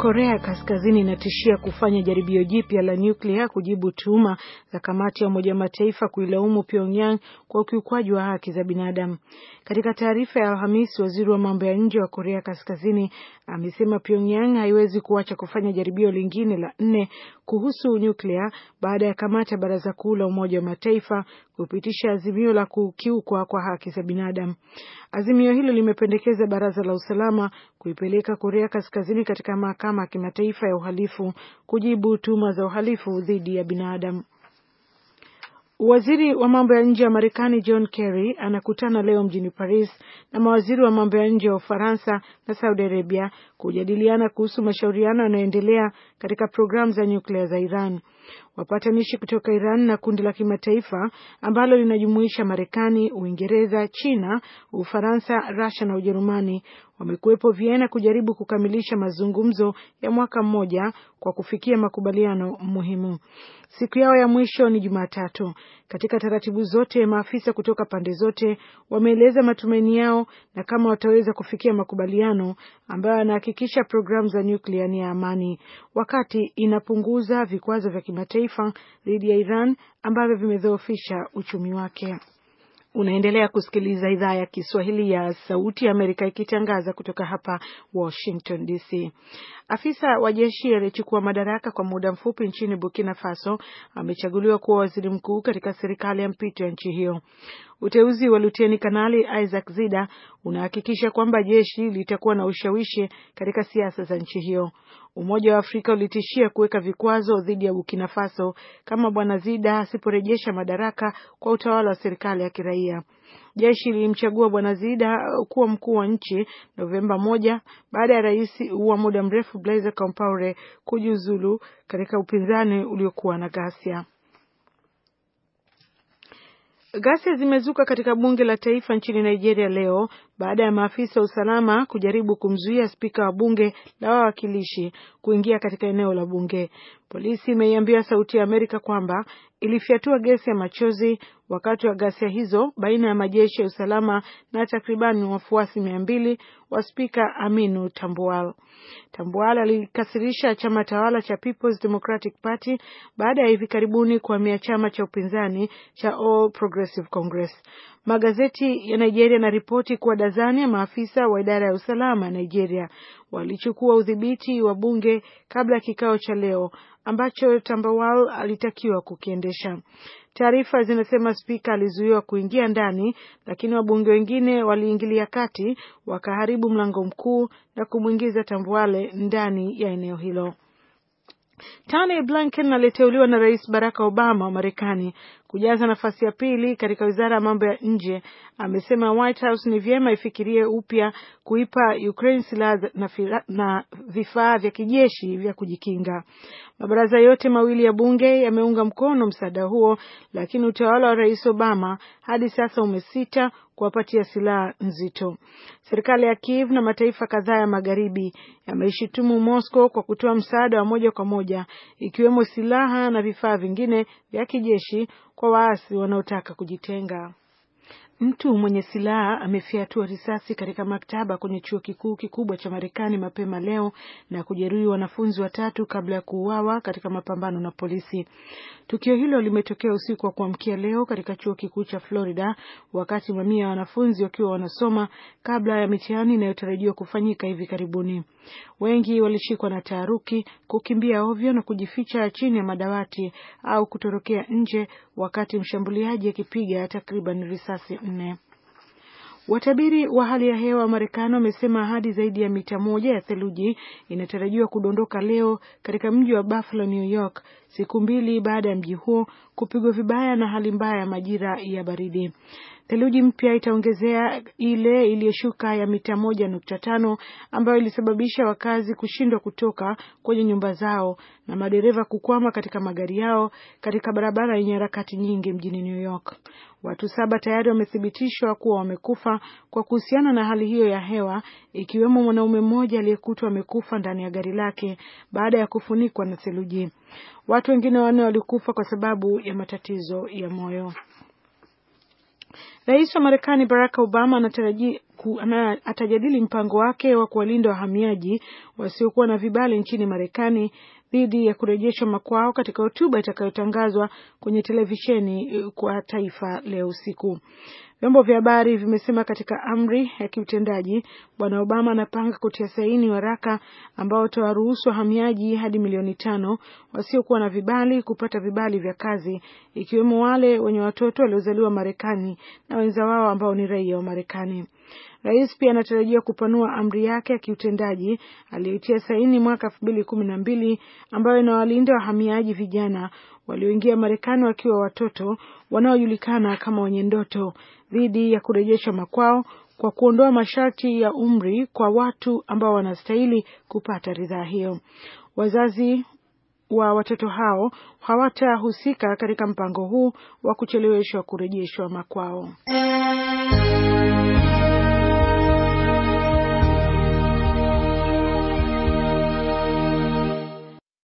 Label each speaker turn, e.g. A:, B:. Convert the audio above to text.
A: Korea Kaskazini inatishia kufanya jaribio jipya la nyuklia kujibu tuhuma za kamati ya Umoja Mataifa kuilaumu Pyongyang kwa ukiukwaji wa haki za binadamu. Katika taarifa ya Alhamisi, waziri wa mambo ya nje wa Korea Kaskazini amesema Pyongyang haiwezi kuacha kufanya jaribio lingine la nne kuhusu nyuklia baada ya kamati ya Baraza Kuu la Umoja wa Mataifa kupitisha azimio la kukiukwa kwa haki za binadamu. Azimio hilo limependekeza Baraza la Usalama kuipeleka Korea Kaskazini katika Mahakama ya Kimataifa ya Uhalifu kujibu tuhuma za uhalifu dhidi ya binadamu. Waziri wa mambo ya nje wa Marekani John Kerry anakutana leo mjini Paris na mawaziri wa mambo ya nje wa Ufaransa na Saudi Arabia kujadiliana kuhusu mashauriano yanayoendelea katika programu za nyuklia za Iran. Wapatanishi kutoka Iran na kundi la kimataifa ambalo linajumuisha Marekani, Uingereza, China, Ufaransa, Russia na Ujerumani wamekuwepo Vienna kujaribu kukamilisha mazungumzo ya mwaka mmoja kwa kufikia makubaliano muhimu. Siku yao ya mwisho ni Jumatatu. Katika taratibu zote, maafisa kutoka pande zote wameeleza matumaini yao na kama wataweza kufikia makubaliano ambayo yanahakikisha programu za nyuklia ni ya amani, wakati inapunguza vikwazo vya kimataifa dhidi ya Iran ambavyo vimedhoofisha uchumi wake. Unaendelea kusikiliza idhaa ya Kiswahili ya Sauti ya Amerika ikitangaza kutoka hapa Washington DC. Afisa wa jeshi aliyechukua madaraka kwa muda mfupi nchini Burkina Faso amechaguliwa kuwa waziri mkuu katika serikali ya mpito ya nchi hiyo. Uteuzi wa luteni kanali Isaac Zida unahakikisha kwamba jeshi litakuwa na ushawishi katika siasa za nchi hiyo. Umoja wa Afrika ulitishia kuweka vikwazo dhidi ya Burkina Faso kama Bwana Zida asiporejesha madaraka kwa utawala wa serikali ya kiraia. Jeshi lilimchagua Bwana Zida kuwa mkuu wa nchi Novemba moja baada ya rais wa muda mrefu Blaise Compaore kujiuzulu katika upinzani uliokuwa na ghasia. Ghasia zimezuka katika bunge la taifa nchini Nigeria leo baada ya maafisa wa usalama kujaribu kumzuia spika wa bunge la wawakilishi kuingia katika eneo la bunge. Polisi imeiambia Sauti ya Amerika kwamba ilifyatua gesi ya machozi wakati wa ghasia hizo baina ya majeshi ya usalama na takribani wafuasi mia mbili wa spika Aminu Tambual. Tambual alikasirisha chama tawala cha People's Democratic Party baada ya hivi karibuni kuhamia chama cha upinzani cha All Progressive Congress. Magazeti ya Nigeria yanaripoti kuwa Tanzania, maafisa wa idara ya usalama Nigeria walichukua udhibiti wa bunge kabla ya kikao cha leo ambacho Tambawal alitakiwa kukiendesha. Taarifa zinasema spika alizuiwa kuingia ndani, lakini wabunge wengine waliingilia kati wakaharibu mlango mkuu na kumwingiza Tambuwale ndani ya eneo hilo. Tony Blinken aliteuliwa na Rais Barack Obama wa Marekani kujaza nafasi ya pili katika wizara ya mambo ya nje. Amesema White House ni vyema ifikirie upya kuipa Ukraine silaha na, na vifaa vya kijeshi vya kujikinga. Mabaraza yote mawili ya bunge yameunga mkono msaada huo, lakini utawala wa Rais Obama hadi sasa umesita kuwapatia silaha nzito. Serikali ya Kiev na mataifa kadhaa ya magharibi yameishutumu Moscow kwa kutoa msaada wa moja kwa moja ikiwemo silaha na vifaa vingine vya kijeshi kwa waasi wanaotaka kujitenga. Mtu mwenye silaha amefyatua risasi katika maktaba kwenye chuo kikuu kikubwa cha Marekani mapema leo na kujeruhi wanafunzi watatu kabla ya kuuawa katika mapambano na polisi. Tukio hilo limetokea usiku wa kuamkia leo katika chuo kikuu cha Florida wakati mamia ya wanafunzi wakiwa wanasoma kabla ya mitihani inayotarajiwa kufanyika hivi karibuni. Wengi walishikwa na taharuki, kukimbia ovyo na kujificha chini ya madawati au kutorokea nje wakati mshambuliaji akipiga takriban risasi nne. Watabiri wa hali ya hewa wa Marekani wamesema hadi zaidi ya mita moja ya theluji inatarajiwa kudondoka leo katika mji wa Buffalo, New York, siku mbili baada ya mji huo kupigwa vibaya na hali mbaya ya majira ya baridi. Theluji mpya itaongezea ile iliyoshuka ya mita moja nukta tano ambayo ilisababisha wakazi kushindwa kutoka kwenye nyumba zao na madereva kukwama katika magari yao katika barabara yenye harakati nyingi mjini New York. Watu saba tayari wamethibitishwa kuwa wamekufa kwa kuhusiana na hali hiyo ya hewa, ikiwemo mwanaume mmoja aliyekutwa amekufa ndani ya gari lake baada ya kufunikwa na theluji. Watu wengine wanne walikufa kwa sababu ya matatizo ya moyo. Rais wa Marekani Barack Obama anataraji ku, ana, atajadili mpango wake wa kuwalinda wahamiaji wasiokuwa na vibali nchini Marekani dhidi ya kurejeshwa makwao katika hotuba itakayotangazwa kwenye televisheni eh, kwa taifa leo usiku. Vyombo vya habari vimesema katika amri ya kiutendaji Bwana Obama anapanga kutia saini waraka ambao utawaruhusu wahamiaji hadi milioni tano wasiokuwa na vibali kupata vibali vya kazi, ikiwemo wale wenye watoto waliozaliwa Marekani na wenza wao ambao ni raia wa Marekani. Rais pia anatarajia kupanua amri yake ya kiutendaji aliyoitia saini mwaka elfu mbili kumi na mbili ambayo inawalinda wahamiaji vijana walioingia Marekani wakiwa watoto wanaojulikana kama wenye ndoto dhidi ya kurejeshwa makwao kwa kuondoa masharti ya umri kwa watu ambao wanastahili kupata ridhaa hiyo. Wazazi wa watoto hao hawatahusika katika mpango huu wa kucheleweshwa kurejeshwa makwao.